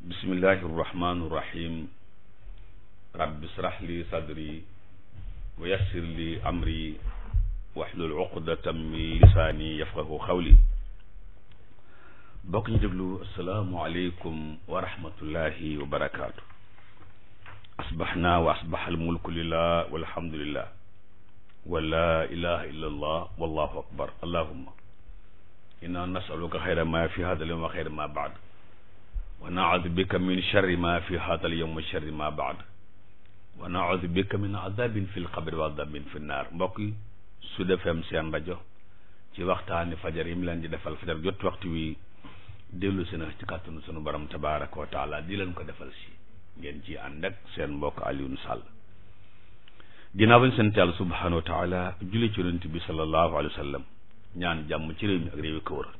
bismillahi irrahmani irrahim rabbi israh li sadri wa yassir li amri waxlul uqdatan min lisaani yafqahu xawli bokk ñu déglu asalaamualeykum wa rahmatullahi wa barakaatu asbaxnaa wa asbax almulku lillah walhamdulillah wa laa ilaha illa allah wallahu akbar allahumma inna nasaluka xayra ma fi hada al yawm wa xayra ma baad wa naudu bika min charri ma fi haatal yowm wa charri ma baad wa naudu bika min azabin fi lxabri wa azabin fi naar mbokk yi Sud FM seen rajo ci waxtaani fajar yi mu leen di defal fajar jot waxtu wi dellu si na ci kàttanu sunu borom tabaraka wa taala di leen ko defal si ngeen ci ànd ak seen mbokk Alioune Sall ginnaaw bañ sant yàlla subhanahu wa taala julli ci yonent bi sallallahu alayhi wa sallam ñaan jàmm ci réew mi ak réew yi ko wër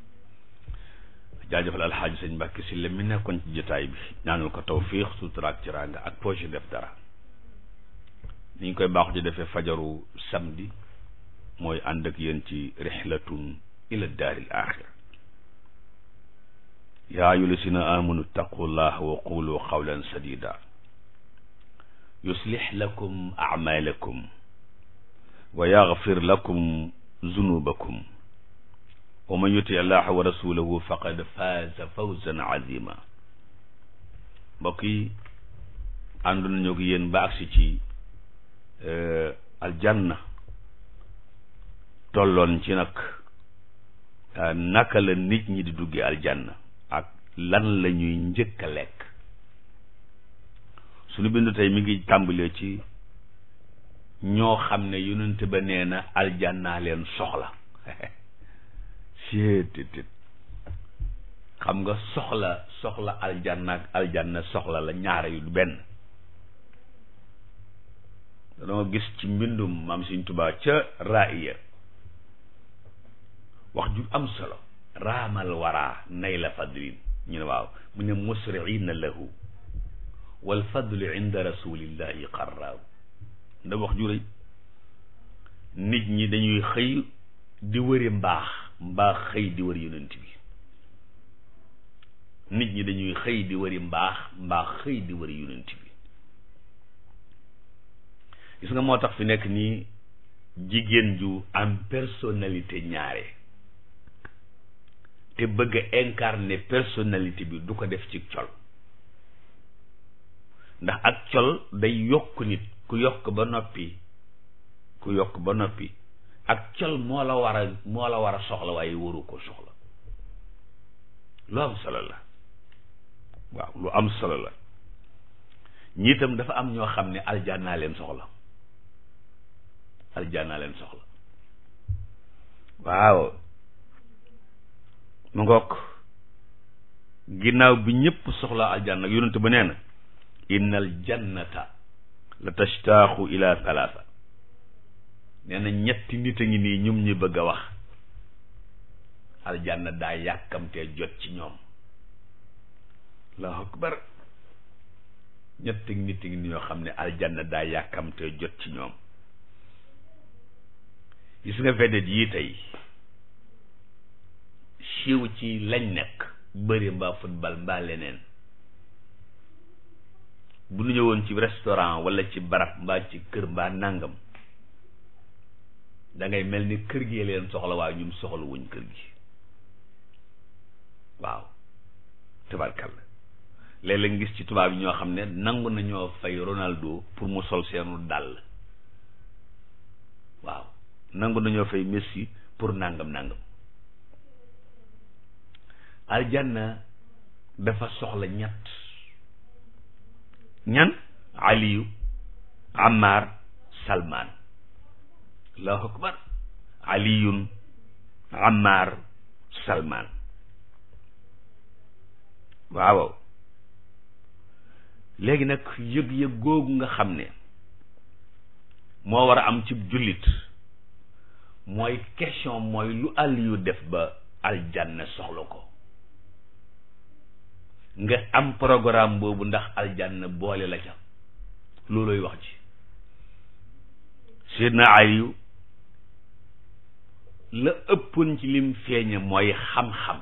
jaajëfal alxaaji sëñ Mbàkke si la mi nekkoon ci jotaay bi ñaanal ko tawfiix suturaak ci ràng ak projet def dara ni ñu koy baaxu ci defee fajaru samedi mooy ànd ak yéen ci rixlatun ila daaril axira yaa ayyuha llazina aamanu ittaqullaha wa qulu qawlan sadida yuslix lakum acmaalakum wa yaxfir lakum zunubakum wa man yuti allaha wa rasulahu faqad faaza fawzan azima mbokk yi ànd nañu ak yéen ba agsi ci eh, aljanna tolloon ci nag eh, naka la nit ñi di duggee aljanna ak lan lañuy njëkk a lekk suñu bindu tey mi ngi tàmbalee ci ñoo xam ne yonent ba nee na leen soxla seetetet xam nga soxla soxla aljanna ak soxla la ñaare yu benn danoo gis ci mbindum maam Sëñ Tuubaa ca raaya wax ju am solo raamal waraa nay la fadlin ñu ne waaw mu ne musriina lahu wal fadlu inda rasulillahi qarraaw ndax wax ju nit ñi dañuy xëy di wëri mbaax mbaa xëy di wër yonent bi nit ñi dañuy xëy di wëri mbaax mbaa xëy di wëri yonent bi gis nga moo tax fi nekk nii jigéen ju am personnalité ñaare te bëgg a incarner personnalité bi du ko def ci col ndax ak col day yokk nit ku yokk ba noppi ku yokk ba noppi ak col moo la war a moo la war a soxla waaye waru ko soxla lu am solo la waaw lu am solo la itam dafa am ñoo xam ne aljanna leen soxla aljanna leen soxla waaw mu ngook ginnaaw bi ñëpp soxla aljanna yonent ba nee na innal jannata la tashtaaxu ila thalatha nee na ñetti nit a ngi nii ñum ñi bëgg a wax aljanna daa yàkkamtee jot ci ñoom allahu akbar ñetti nit xam ne aljanna daa yàkkamtee jot ci ñoom gis nga vedette yii tey siiw ci lañ nekk bari mbaa football mbaa leneen bu ñu ñëwoon ci restaurant walla ci barab mbaa ci kër mbaa nàngam da ngay mel ni kër gee leen soxla waaye ñun soxla wuñ kër gi waaw tabarkalla léeg-léeg nga gis ci tubaab yi ñoo xam ne nangu nañoo fay Ronaldo pour mu sol seenu dàll waaw nangu nañoo fay Messi pour nangam nangam aljanna dafa soxla ñett ñan Aliyu Ammar Salman allahu akbar aliyun ammar salman léegi nag yëg-yëg googu nga xam ne moo war a am ci jullit mooy question mooy lu yu def ba aljanna soxla ko nga am programme boobu ndax aljanna boole la ca looloy wax ci sidna aliyu la ëppoon ci lim feeña mooy xam-xam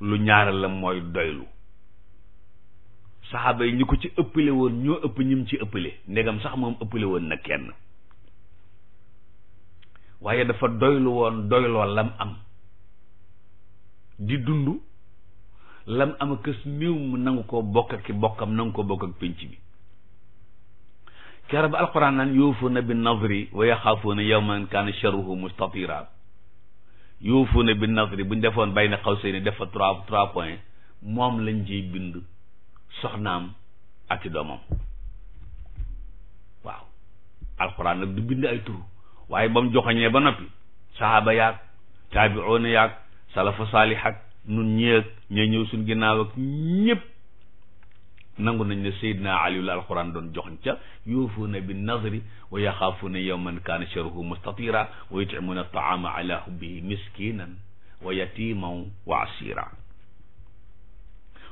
lu ñaaral la mooy doylu saxaaba yi ñu ko ci ëppale woon ñoo ëpp ñim ci ëppale ndegam sax moom ëppale woon na kenn waaye dafa doylu woon doyloo lam am di dund lam am kës néew mu nangu ko bokk ak bokkam nangu ko bokk ak pénc bi keroog alquran naan yuufuuna bi nazri wa yaxaafuuna yawman kaana sharruhu mustatira yuufuuna bi nazri bu ñu defoon bay na xaw see ni defa trois trois points moom lañ ciy bind soxnaam ak ci doomam waaw alquran nag du bind ay tur waaye ba mu joxoñee ba noppi sahaaba yaag taabiuuna yaag salafu saalih ak nun ñeeg ña ñëw suñ ginnaaw ak ñëpp nangu nañ ne Seydina Aliou la alxuraan doon joxoñ ca yuufuuna bi nazri wa yaxaafuuna yawman kaana sharruhu mustatira wa yutimuuna taama ala hubbihi miskinan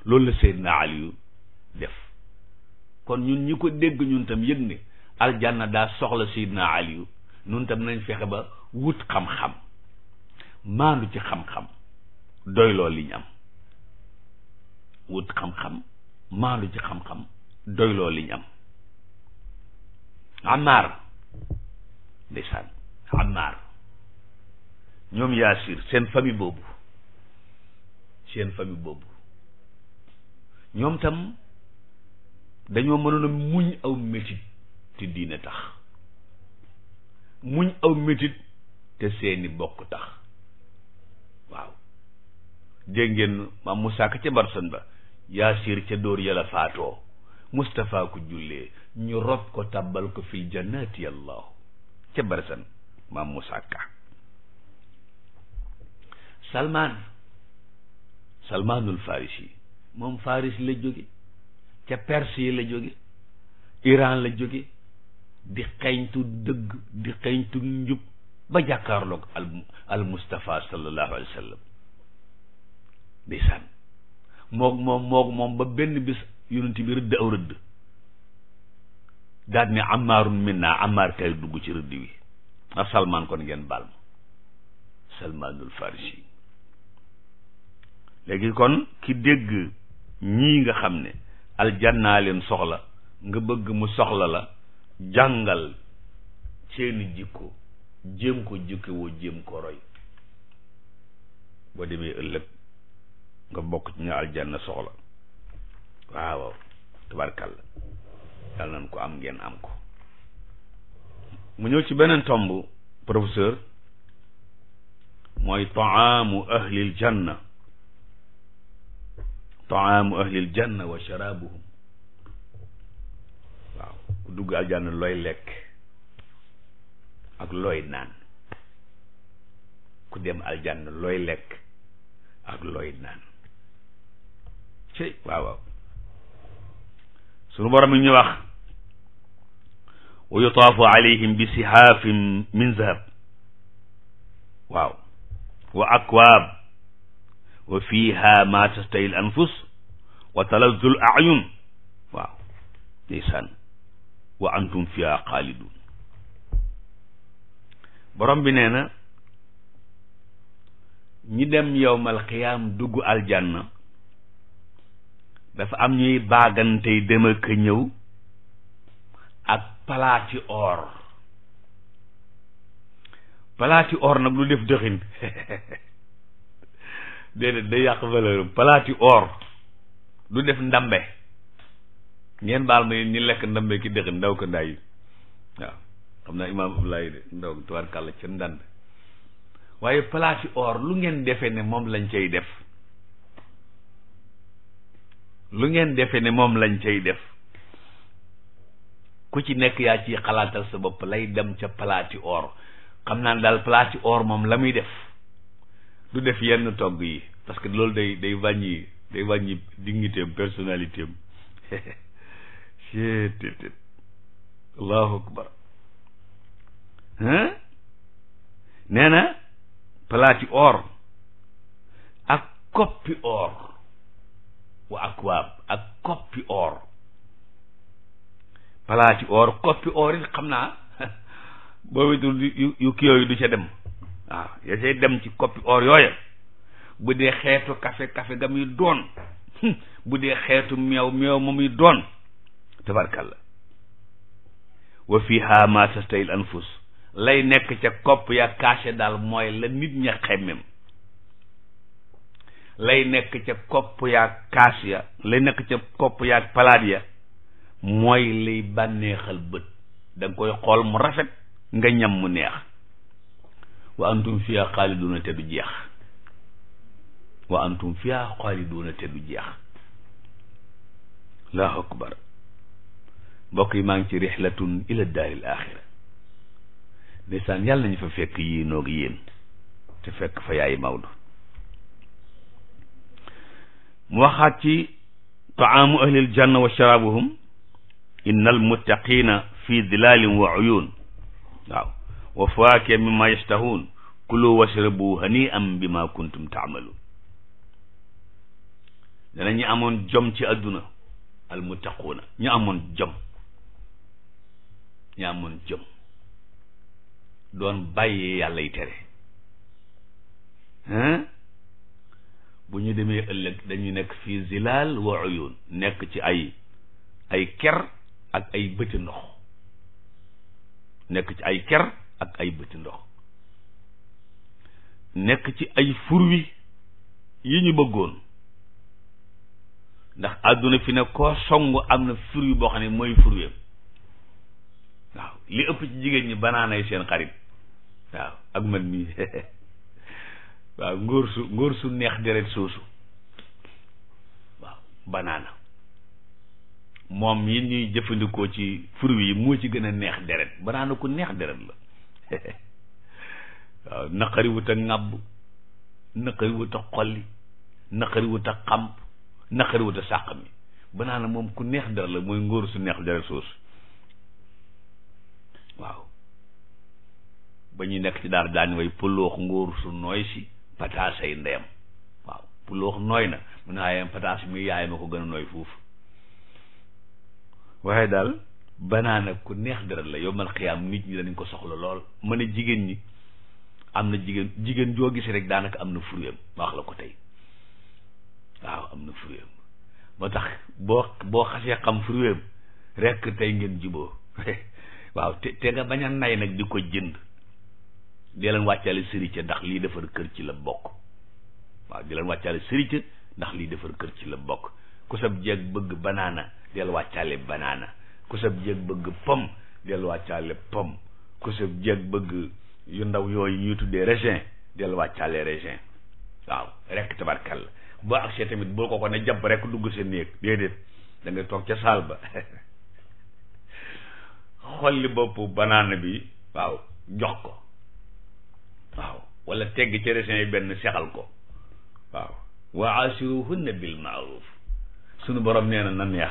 la Seydina Aliou def kon ñun ñi ko dégg ñun tam yëg ne aljanna daa soxla Seydina Aliou ñun tam nañ fexe ba wut xam-xam maandu ci xam-xam doy loolu wut xam-xam maandu ci xam-xam doyloo liñ am Ammaar ndeysaan Ammaar ñoom Yaasir seen famille boobu seen famille boobu ñoom tam dañoo mënula a muñ aw métit te diine tax muñ aw métit te seeni bokk tax waaw dégg ngeen maam Moussa Ka ca Barson ba yaasir ca dóor ya la faatoo Moustapha ku jullee ñu rob ko tàbbal ko fi jannati allahu ca barsan maam musakka salmaan salmaanul faris moom faris la jóge ca perse la jóge iran la jóge di xeeñtu dëgg di xeeñtu njub ba jàkkaarloog al al Moustapha sallallahu alayhi wa sallam moog moom moog moom ba benn bis yonent bi rëdd aw rëdd daal ne amaarun minna amaar kay dugg ci rëdd wi ak salmaan kon ngeen baal ma salmaanul farisi léegi kon ki dégg ñii nga xam ne aljannaa leen soxla nga bëgg mu soxla la jàngal seeni jikko jéem ko jikko woo jéem ko roy boo demee ëllëg nga bokk ci ñu aljanna soxla waaw waaw yàlla nañ ko am ngeen am ko mu ñëw ci beneen tomb professeur mooy taamu ahlil janna taamu ahlil janna waaw ku dugg aljanna looy lekk ak looy naan ku dem aljanna looy lekk ak looy naan cey waaw waaw sunu borom mi ñu wax wa yutaafu alayhim bi sihaafin min zahab waaw wa akwaab wa fiiha ma tastahi l anfus wa talazzu l ayun waaw ndeysaan wa antum fiha xaalidun borom bi nee na ñi dem yowmal qiyaam dugg aljanna dafa am ñuy baagantey dem ak ñëw ak palaati or palaati or nag lu def dëxin déedéet day yàq valeur palaati or du def ndambe ngeen baal ma ñu lekk ndambe ki dëxin ndaw ko ndaay waaw xam naa imaam Abdoulaye de ndaw tubaarkàlla ca ndand waaye palaati or lu ngeen defee ne moom lañ cay def lu ngeen defe ne moom lañ cay def ku ci nekk yaa ciy xalaatal sa bopp lay dem ca palaati or xam naa ne daal palaati or moom la muy def lu def yenn togg yi parce que loolu day day wàññi day wàññi dignité am personnalité am ctt allahu akbar nee na palaati or ak koppi or wa akwaab ak koppi or palaati or koppi or it xam naa boo wetul yu yu kii du ca dem waaw ya dem ci koppi or bu dee xeetu kafe kafe ga muy doon bu dee xeetu meew meew ma muy doon tabarkalla wa fiha ma tastahil anfus lay nekk ca kopp ya kaase daal mooy la nit ña xemmem lay nekk ca kopp yaag kaas ya lay nekk ca kopp yaag palaat ya mooy liy bànneexal bët da koy xool mu rafet nga ñam mu neex wa antum fiya xaaliduuna te jeex wa antum fiya te du jeex allahu akbar mbokk yi maa ngi ci rixlatun ila daaril axira ndeysaan yàlla nañu fa fekk yéenoog yéen te fekk fa yaay Maodo mu waxaat ci taamu ahlil janna wa sharaabuhum innal muttaqiina fi dilaalin wa uyuun waaw wa faakiha mimma yashtahuun kulu washrabu hani am bi ma kuntum taamaluun dana ñu amoon jom ci àdduna al muttaquuna ñu amoon jom ñu amoon jom doon bàyyi yàlla yi tere bu ñu demee ëllëg dañuy nekk fii zilaal wa uyun nekk ci ay ay ker ak ay bëti ndox nekk ci ay ker ak ay bëti ndox nekk ci ay furwi yi ñu bëggoon ndax àdduna fi ne koo song am na furwi boo xam ne mooy furweem waaw li ëpp ci jigéen ñi banaanay seen xarit waaw ak man mii waaw ngóor su ngóor su neex deret soosu waaw banaana moom yi ñuy jëfandikoo ci fruits yi moo ci gën a neex deret banaana ku neex deret la waaw naqari wut a ŋàbb naqari wut a xolli naqari wut a xamp naqari wut a sàq mi banaana moom ku neex deret la mooy ngóor su neex deret soosu waaw ba ñuy nekk ci daar daan way pëloox ngóor su nooy si pataasay ndeyam waaw pour lu wax nooy na mu ne waaye pataas mi yaay ma ko gën a nooy foofu waaye daal banaana ku neex dara la yombal xiyaam nit ñi dañ ko soxla lool ma ne jigéen ñi am na jigéen jigéen joo gis rek daanaka am na fruit am ma wax la ko tey waaw am na fruit moo tax boo boo xasee xam fruit am rek tey ngeen juboo waaw te te nga bañ nay nag di ko jënd dee leen wàccaale sërite ndax lii defar kër ci la bokk waaw dee leen wàccaale sërite ndax lii defar kër ci la bokk ku sab jeeg bëgg banaana deel wàccaale banaana ku sab jeeg bëgg pom deel wàccaale pom ku sab jeeg bëgg yu ndaw yooyu ñuy tuddee raisin deel wàccaale raisin waaw rekk tabarkal boo agsee tamit boo ko ko ne jàpp rekk dugg sa néeg déedéet da toog ca saal ba xolli boppu banaana bi waaw jox ko waaw wala tegg ci raisin benn sexal ko waaw wa asiruhunna sunu borom nee na na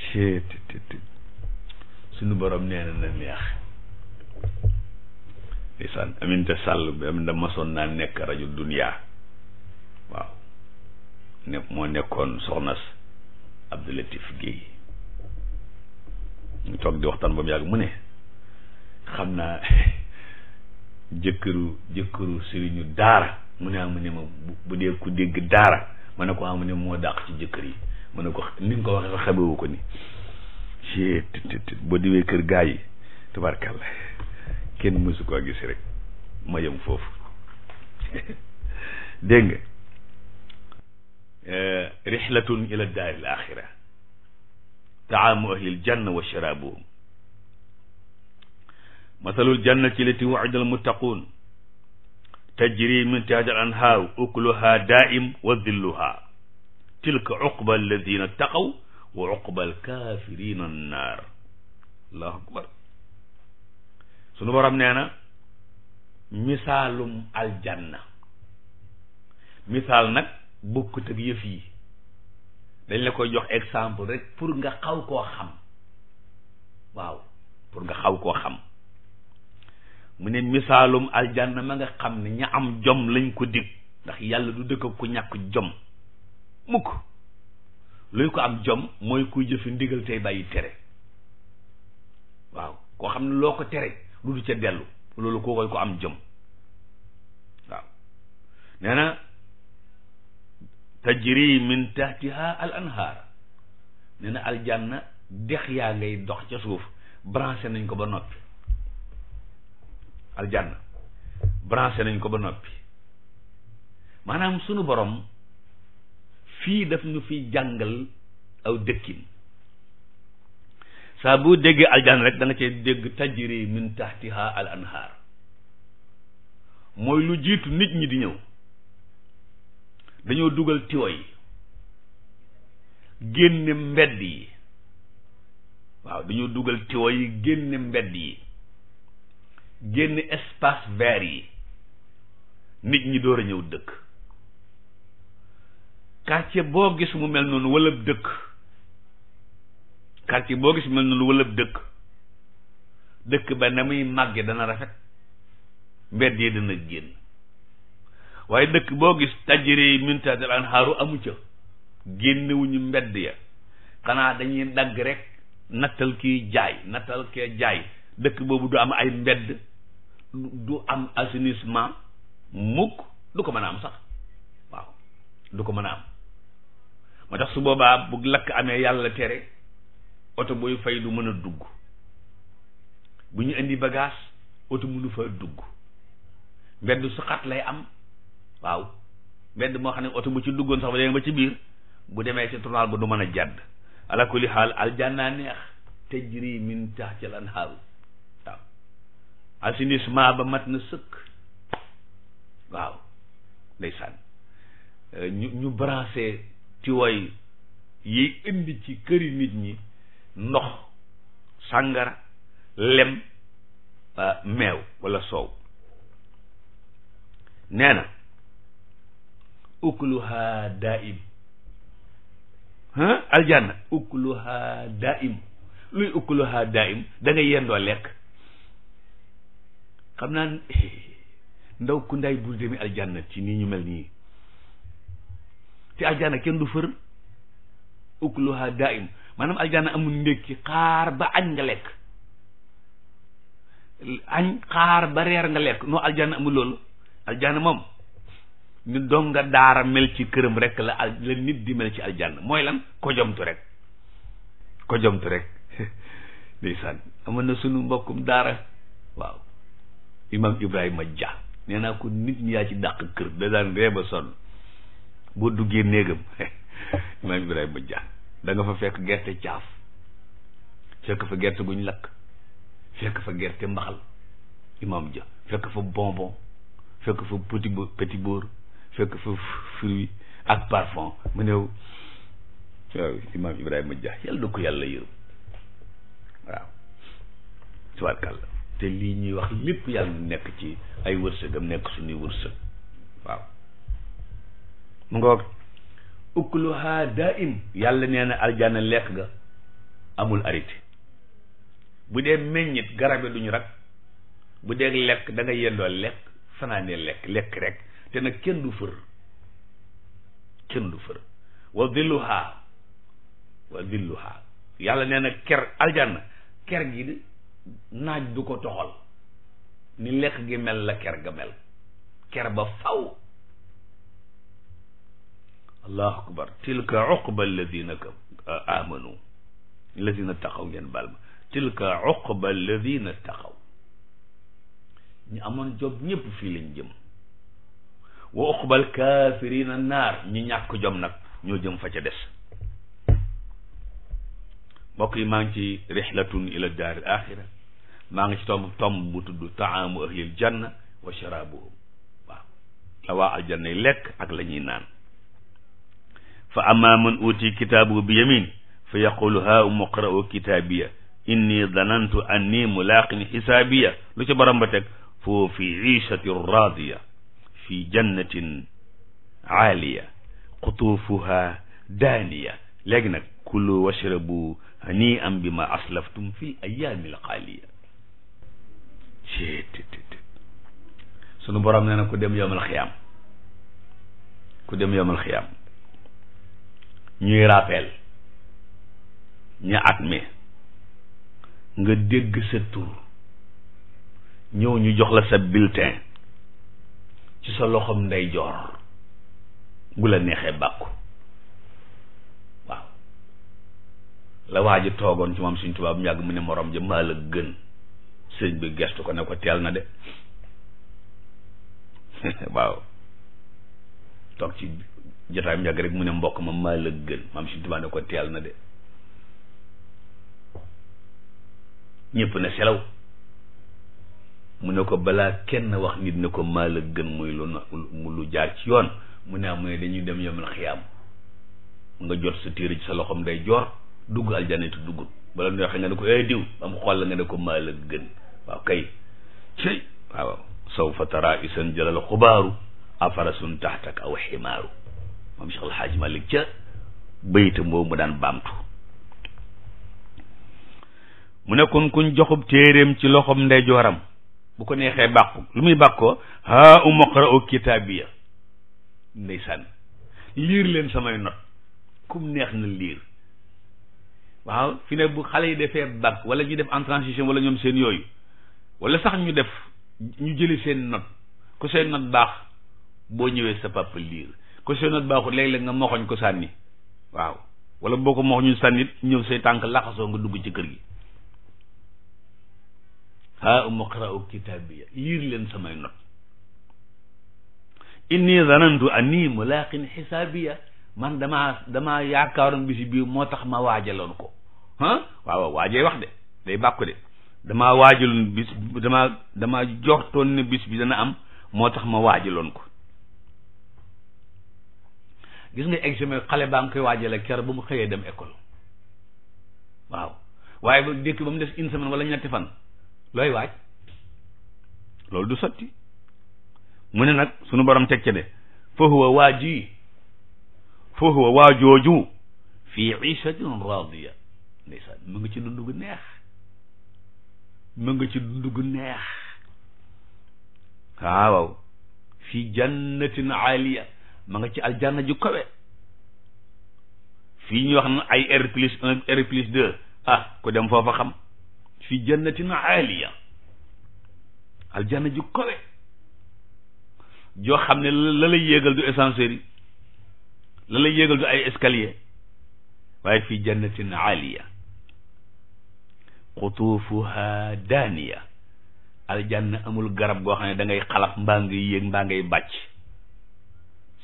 sunu borom nee na na sàll bi am da masoon naa nekk rajo dunia waaw ne moo nekkoon soxnas Abdoulatif Guèye ñu toog di waxtaan ba mu yàgg mu ne xam naa jëkkëru jëkkëru sëriñu daara mu ne ah mu ne ma bu dee ku dégg daara ma ne ko ah mu ne moo dàq ci jëkkër yi ma ne ko ni nga ko waxee xamewu ko ni ci boo diwee kër gaa yi tubarkalla kenn mësu koo gis rek ma yem foofu dégg nga eh, rixlatun ila daaril axira taamu ahlil janna wa sharabuhum masalul jannati lati wu'ida almuttaquun tajri min tahtiha al-anhaar ukluhaa daa'im wa dhilluhaa tilka uqba alladina taqaw wa uqba alkafirina annaar allahu akbar sunu borom nee na misaalum aljanna misaal nag bokkut ak yëf yi dañ la koy jox exemple rek pour nga xaw koo xam waaw pour nga xaw koo xam mu ne misaalum aljanna ma nga xam ne ña am jom lañ ko dig ndax yàlla du dëkk ku ñàkk jom mukk luy ko am jom mooy kuy jëfi ndigal tey bàyyi tere waaw koo xam ne loo ko tere lu du ca dellu loolu koo koy ko am jom waaw nee na tajri min tahtiha al anhaar nee na aljanna dex yaa ngay dox ca suuf branché nañ ko ba noppi aljanna branché nañ ko ba noppi maanaam sunu boroom fii daf ñu fi jàngal aw dëkkin saa boo déggee aljanna rek da nga cee dégg tajri min al anhaar mooy lu jiitu nit ñi di ñëw dañoo dugal tiwo yi génne mbedd yi waaw dañoo dugal tiwo yi génne mbedd yi génn espace vert yi nit ñi door a ñëw dëkk quartier boo gis mu mel noonu wala dëkk quartier boo gis mu mel noonu wala dëkk dëkk ba na muy màgge dana rafet mbedd yi dana génn waaye dëkk boo gis tajiri yi mintatel an xaaru amu ca génnewuñu mbedd ya xanaa dañuy dagg rek nattal kii jaay nattal kee jaay dëkk boobu du am ay mbedd du am assainissement mukk du ko mën a am sax waaw du ko mën a am moo tax su boobaa bu lakk amee yàlla tere oto booy fay du mën a dugg bu ñu indi bagage oto mënu fa dugg mbedd su xat lay am waaw mbedd moo xam ne oto bu ci duggoon sax ba demee ba ci biir bu demee ci tournal ba du mën a jàdd ala kulli xaal aljanna neex tajri min tahtil anhaaru assainissement ba mat na sëkk waaw ndeysaan ñu eh, ñu branché tiwaay yiy indi ci këri nit ñi ndox sàngara lem meew walla soow nee na ukluha daim aljanna ukluha daim luy ukluha daim da nga yendoo lekk xam naa ndaw ku ndaay bul demi aljanna ci nii ñu mel nii te aljanna kenn du fër ukluha maanam maanaam aljanna amul ndékki xaar ba añ nga lekk añ xaar ba reer nga lekk noo aljanna amul loolu aljanna moom ni doom nga daara mel ci këram rek la al la nit di mel ci aljanna mooy lan ko jomtu rek ko jomtu rek ndeysaan amoon na sunu mbokkum daara waaw imam Ibrahima Dia nee naa ko nit ñi yaa ci dàq kër da daan ree ba sonn boo duggee néegam imam Ibrahima Dia da fa fekk gerte caaf fekk fa gerte guñ lakk fekk fa gerte mbaxal imam Dia fekk fa bonbon fekk fa petit bo fekk fa fruit ak parfum mu néew waaw imam Ibrahima Dia yàlla na ko yàlla yërëm waaw tubaarkàlla te lii ñuy wax lépp yàlla nekk ci ay wërsëgam nekk suñuy wërsëg waaw mu nga wax ukluha daim yàlla nee na aljana lekk ga amul arité bu dee meññit garabe duñu rak bu dee lekk da nga yendoo lekk fanaanee lekk lekk rek te nag kenn du fër kenn du fër wa dilluha wa dilluha yàlla nee ker aljana ker gi naaj du ko toxal ni lekk gi mel la ker ga mel ker ba faw allahu akbar tilka uqba alladina amanu alladina taqaw ngeen baal ma tilka uqba alladina taqaw ñu amoon jom ñëpp fii lañ jëm wa uqba alkafirina naar ñu ñàkk jom nag ñoo jëm fa ca des mbokk yi maa ngi ci rixlatun ila daar al axira maa ngi ci tomb tomb bu tudd taamu ahlil janna wa sharaabuhum waaw la waa aljanna yi lekk ak la ñuy naan fa amma man uti kitaabu bi yamin fa yaqulu haa umqra'u kitaabiya inni danantu anni mulaaqin xisaabiya lu ci baram ba teg foo fi iishatin raadiya fi jannatin aaliya qutuufuha daaniya léegi nag kulu washrabu hanii am bi ma aslaftum fi ayaami alxaaliya ci sunu borom nee na ku dem yomal xiyaam ku dem yomal xiyaam ñuy rappel ña at nga dégg sa tur ñëw ñu jox la sa bulletin ci sa loxom ndeyjoor bu la neexee bàkku waaw la waa ji toogoon ci moom suñ tubaab mu yàgg mu ne moroom ja maa la gën sëñ bi gestu ko ne ko teel na de waaw toog ci jotaayam yàgg rek mu ne mbokk ma maa la gën maam si tubaab ne ko teel na de ñépp ne selaw mu ne ko balaa kenn wax nit ne ko maa la gën muy lu mu lu jaar ci yoon mu ne am mu ne dañuy dem yomal xiyaam nga jot sa téere ci sa loxoom day joor dugg aljana te duggut bala ñu waxee nga ne ko ay diw am xool la nga ne ko maa la gën ok kay cëy waaw sawfa tara isan jëlal xubaaru afarasun taxtak aw ximaaru moom Cheikh Alhaaj Malik ca baytam boobu mu daan baamtu mu nekkoon kuñ joxub téeréem ci loxom ndeyjooram bu ko neexee bàkku lu muy bàkkoo haa umaqra'u kitaabiya ndeysaan liir leen samay not kum neex na liir waaw fi ne bu xale yi defee bac wala ñuy def en transition wala ñoom seen yooyu wala sax ñu def ñu jëli seen not ku seen not baax boo ñëwee sa papa liir ko seen not baaxul léeg-léeg nga moxoñ ko sànni waaw wala boo ko moxoñu sànnit ñëw say tànk laxasoo nga dugg ci kër gi haa umu qra'u kitaabiya liir leen samay not inni zanantu anni mulaqin xisaabiya man damaa damaa yaakaaroon bi si biir moo tax ma waajaloon ko ah waaw waaw waajee wax de day bàkku de damaa waajaloon bis damaa damaa jortoon ne bis bi dana am moo tax ma waajaloon ko gis nga examen xale baa nga koy waajale ker ba mu xëyee dem école waaw waaye ba dékk ba mu des une semaine wala ñetti fan looy waaj loolu du sotti mu ne nag sunu borom teg ca de fa huwa waaji fa huwa waajooju fii ichatin radiya ndeysaan mu ngi ci dund gu neex mu nga ci dund gu neex waaw fi jannatin aaliya ma nga ci aljanna ju kawe fii ñu wax na ay R plus un R plus deux ah ku dem foofa xam fi jannatin aaliya aljanna ju kawe joo xam ne la lay yéegal du ascenseur yi la lay yéegal ay escalier waaye fi jannatin aaliya xutuufuha daaniya aljanna amul garab goo xam ne dangay ngay xalaf mbaa ngay yéeg mbaa ngay bàcc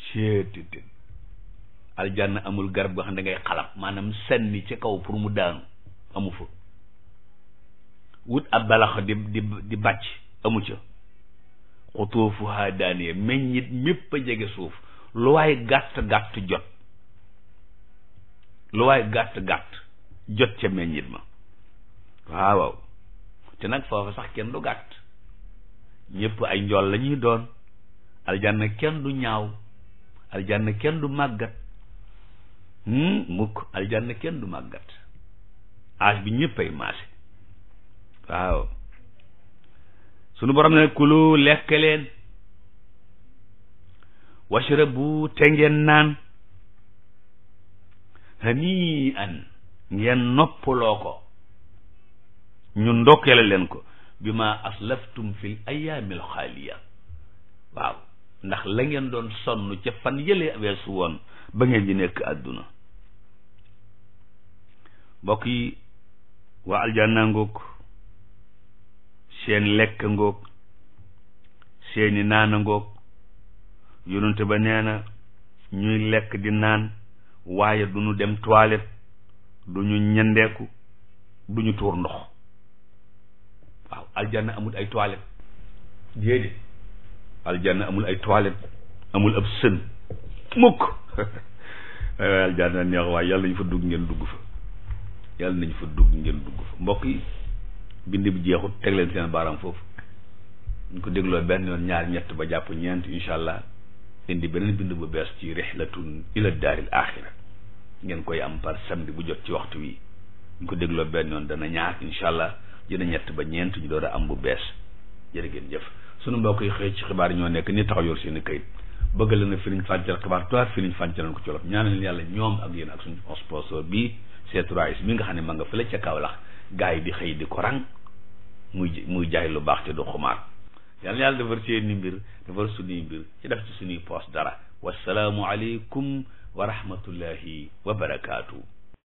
seetete aljanna amul garab goo xam ne da ngay xalaf maanaam sànni ci kaw pour mu daanu amu fa wut ab balax di di di bàcc amu ca xutuufuha daaniya meññit mépp a jege suuf lu waay gàtt gàtt jot lu waay gàtt gàtt jot ca meññit ma waaw te nag foofu sax kenn du gàtt ñépp ay njool lañuy doon aljanna kenn du ñaaw aljanna kenn du màggat hmm, mukk aljanna kenn du màggat âge bi ñëpp ay waaw sunu borom ne kulu lekk leen washrabu te ngeen naan hanii an ngeen noppaloo ko ñu ndokkeele leen ko bima ma aslaftum fil ayaamil xaaliya waaw ndax la ngeen doon sonn ca fan yëlee weesu woon ba ngeen di nekk àdduna mbokk yi waa aljanna ngoog seen lekk ngoog seeni naana ngoog yonente ba nee na ñuy lekk di naan waaye du ñu dem toilette du ñu ñendeeku du ñu tuur ndox waaw aljanna amul ay toilette déedéet aljanna amul ay toilette amul ab sën mukk waaye aljanna neex waaye yàlla nañu fa dugg ngeen dugg fa yàlla nañu fa dugg ngeen dugg fa mbokk yi bind bi jeexut teg leen seen baaraam foofu ñu ko dégloo benn yoon ñaar ñett ba jàpp ñeent incha allah indi beneen bind bu bees ci rihlatun ila daaril axira ngeen koy am par samedi bu jot ci waxtu wi ñu ko dégloo benn yoon dana ñaar incha allah jën ñett ba ñeent ñu door a am bu bees jërë ngeen jëf nu mbokk yi xëy ci xibaar yi ñoo nekk nii taxaw yor seen i këyit bëgg la na firiñ fàncal xibaar toir firiñ fàncaloon ko ci wolof ñaanal leen yàlla ñoom ak yéen ak suñu sponsor bii C3S nga xam ne ma nga fële ca Kaolack gars yi di xëy di ko rang muy muy jaay lu baax te du xumaar yàlla yàlla defar seen i mbir defar suñuy mbir ci def ci suñuy poos dara wasalaamualeykum wa rahmatullahi wa barakaatu.